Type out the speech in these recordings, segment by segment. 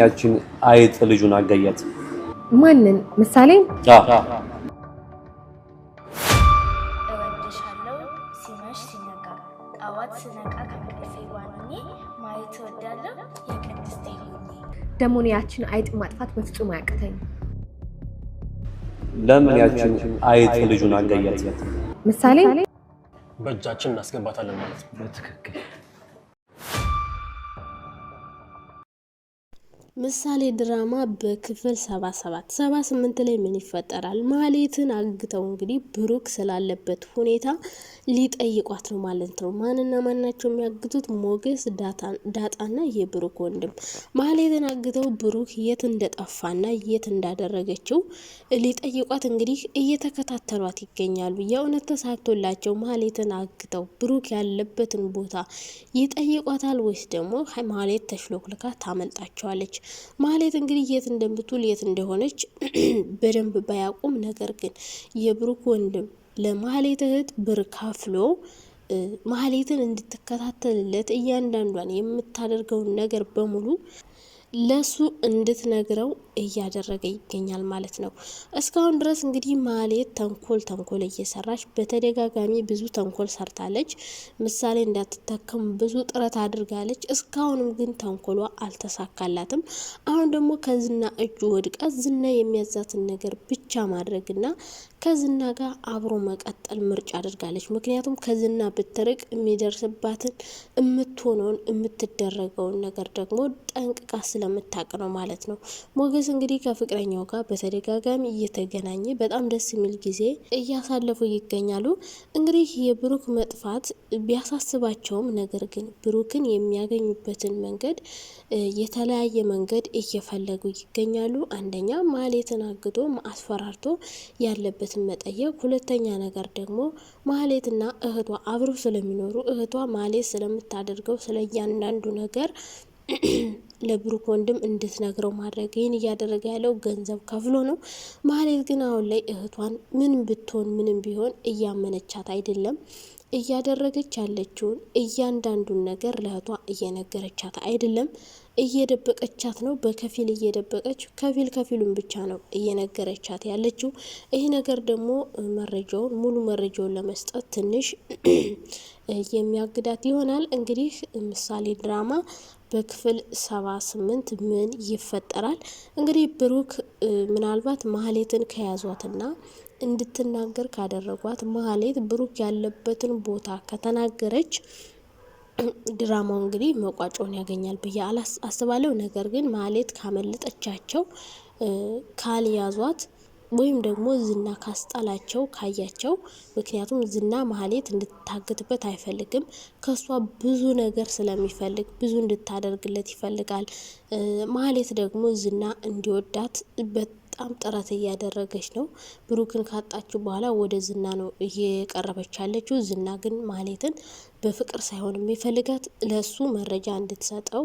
ያችን አይጥ ልጁን አገያት። ማንን? ምሳሌ ደሞን ያችን አይጥ ማጥፋት በፍጹም አያቅተኝ። ለምን ያችን አይጥ ልጁን አገያት? ምሳሌ በእጃችን እናስገባታለን ማለት ነው። በትክክል ምሳሌ ድራማ በክፍል ሰባ ሰባት ሰባ ስምንት ላይ ምን ይፈጠራል? ማህሌትን አግተው እንግዲህ ብሩክ ስላለበት ሁኔታ ሊጠይቋት ነው ማለት ነው። ማንና ማናቸው የሚያግቱት? ሞገስ ዳጣና የብሩክ ወንድም። ማህሌትን አግተው ብሩክ የት እንደጠፋና የት እንዳደረገችው ሊጠይቋት እንግዲህ እየተከታተሏት ይገኛሉ። የእውነት ተሳክቶላቸው ማህሌትን አግተው ብሩክ ያለበትን ቦታ ይጠይቋታል ወይስ ደግሞ ማህሌት ተሽሎክልካ ታመልጣቸዋለች? ማለት እንግዲህ የት እንደምትውል የት እንደሆነች በደንብ ባያውቁም፣ ነገር ግን የብሩክ ወንድም ለማህሌት እህት ብር ካፍሎ ማህሌትን እንድትከታተልለት እያንዳንዷን የምታደርገውን ነገር በሙሉ ለሱ እንድትነግረው እያደረገ ይገኛል ማለት ነው። እስካሁን ድረስ እንግዲህ ማሌት ተንኮል ተንኮል እየሰራች በተደጋጋሚ ብዙ ተንኮል ሰርታለች። ምሳሌ እንዳትታከም ብዙ ጥረት አድርጋለች። እስካሁንም ግን ተንኮሏ አልተሳካላትም። አሁን ደግሞ ከዝና እጁ ወድቃ ዝና የሚያዛትን ነገር ብቻ ማድረግና ከዝና ጋር አብሮ መቀጠል ምርጫ አድርጋለች። ምክንያቱም ከዝና ብትርቅ የሚደርስባትን፣ የምትሆነውን፣ የምትደረገውን ነገር ደግሞ ጠንቅቃ ስለ ስለምታቅ ነው ማለት ነው። ሞገስ እንግዲህ ከፍቅረኛው ጋር በተደጋጋሚ እየተገናኘ በጣም ደስ የሚል ጊዜ እያሳለፉ ይገኛሉ። እንግዲህ የብሩክ መጥፋት ቢያሳስባቸውም፣ ነገር ግን ብሩክን የሚያገኙበትን መንገድ የተለያየ መንገድ እየፈለጉ ይገኛሉ። አንደኛ ማህሌትን አግቶ አስፈራርቶ ያለበትን መጠየቅ፣ ሁለተኛ ነገር ደግሞ ማህሌትና እህቷ አብረው ስለሚኖሩ እህቷ ማህሌት ስለምታደርገው ስለ እያንዳንዱ ነገር ለብሩክ ወንድም እንድትነግረው ማድረግ። ይህን እያደረገ ያለው ገንዘብ ከፍሎ ነው። ማህሌት ግን አሁን ላይ እህቷን ምን ብትሆን ምንም ቢሆን እያመነቻት አይደለም። እያደረገች ያለችውን እያንዳንዱን ነገር ለእህቷ እየነገረቻት አይደለም፣ እየደበቀቻት ነው። በከፊል እየደበቀች ከፊል ከፊሉን ብቻ ነው እየነገረቻት ያለችው። ይህ ነገር ደግሞ መረጃውን ሙሉ መረጃውን ለመስጠት ትንሽ የሚያግዳት ይሆናል። እንግዲህ ምሳሌ ድራማ በክፍል ሰባ ስምንት ምን ይፈጠራል? እንግዲህ ብሩክ ምናልባት ማህሌትን ከያዟትና እንድትናገር ካደረጓት ማህሌት ብሩክ ያለበትን ቦታ ከተናገረች ድራማው እንግዲህ መቋጫውን ያገኛል ብዬ አስባለሁ። ነገር ግን ማህሌት ካመለጠቻቸው ካልያዟት ወይም ደግሞ ዝና ካስጣላቸው ካያቸው፣ ምክንያቱም ዝና ማህሌት እንድታግትበት አይፈልግም። ከሷ ብዙ ነገር ስለሚፈልግ ብዙ እንድታደርግለት ይፈልጋል። ማህሌት ደግሞ ዝና እንዲወዳት በጣም ጥረት እያደረገች ነው። ብሩክን ካጣችው በኋላ ወደ ዝና ነው እየቀረበች ያለችው። ዝና ግን ማለትን በፍቅር ሳይሆን የሚፈልጋት ለሱ መረጃ እንድትሰጠው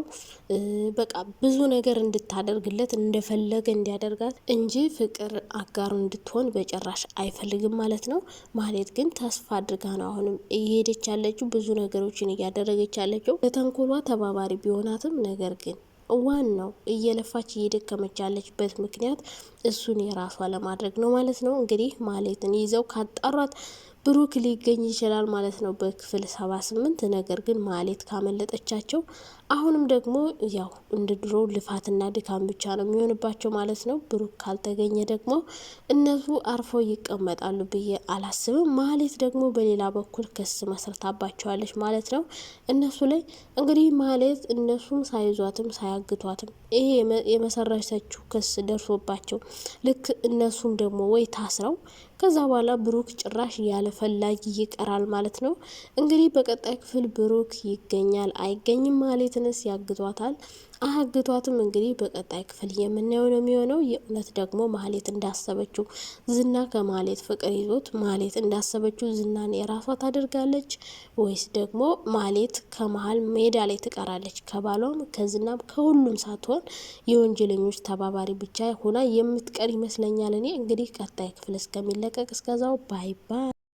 በቃ ብዙ ነገር እንድታደርግለት እንደፈለገ እንዲያደርጋት እንጂ ፍቅር አጋሩ እንድትሆን በጭራሽ አይፈልግም ማለት ነው። ማለት ግን ተስፋ አድርጋ ነው አሁንም እየሄደች ያለችው፣ ብዙ ነገሮችን እያደረገች ያለችው። ለተንኮሏ ተባባሪ ቢሆናትም ነገር ግን ዋናው እየለፋች እየደከመች ያለችበት ምክንያት እሱን የራሷ ለማድረግ ነው ማለት ነው። እንግዲህ ማሌትን ይዘው ካጣሯት ብሩክ ሊገኝ ይችላል ማለት ነው በክፍል ሰባ ስምንት ነገር ግን ማሌት ካመለጠቻቸው አሁንም ደግሞ ያው እንደ ድሮ ልፋትና ድካም ብቻ ነው የሚሆንባቸው ማለት ነው። ብሩክ ካልተገኘ ደግሞ እነሱ አርፈው ይቀመጣሉ ብዬ አላስብም። ማሌት ደግሞ በሌላ በኩል ክስ መስርታባቸዋለች ማለት ነው እነሱ ላይ እንግዲህ ማሌት እነሱም ሳይዟትም ሳያግቷትም ይሄ የመሰረተችው ክስ ደርሶባቸው ልክ እነሱም ደግሞ ወይ ታስረው ከዛ በኋላ ብሩክ ጭራሽ ያለ ፈላጊ ይቀራል ማለት ነው። እንግዲህ በቀጣይ ክፍል ብሩክ ይገኛል አይገኝም፣ ማህሌትንስ ያግዟታል? አህግቷትም እንግዲህ በቀጣይ ክፍል የምናየው ነው የሚሆነው። የእውነት ደግሞ ማህሌት እንዳሰበችው ዝና ከማህሌት ፍቅር ይዞት ማህሌት እንዳሰበችው ዝናን የራሷ ታደርጋለች ወይስ ደግሞ ማህሌት ከመሀል ሜዳ ላይ ትቀራለች? ከባሏም ከዝናም ከሁሉም ሳትሆን የወንጀለኞች ተባባሪ ብቻ ሆና የምትቀር ይመስለኛል። እኔ እንግዲህ ቀጣይ ክፍል እስከሚለቀቅ እስከዛው ባይ ባይ።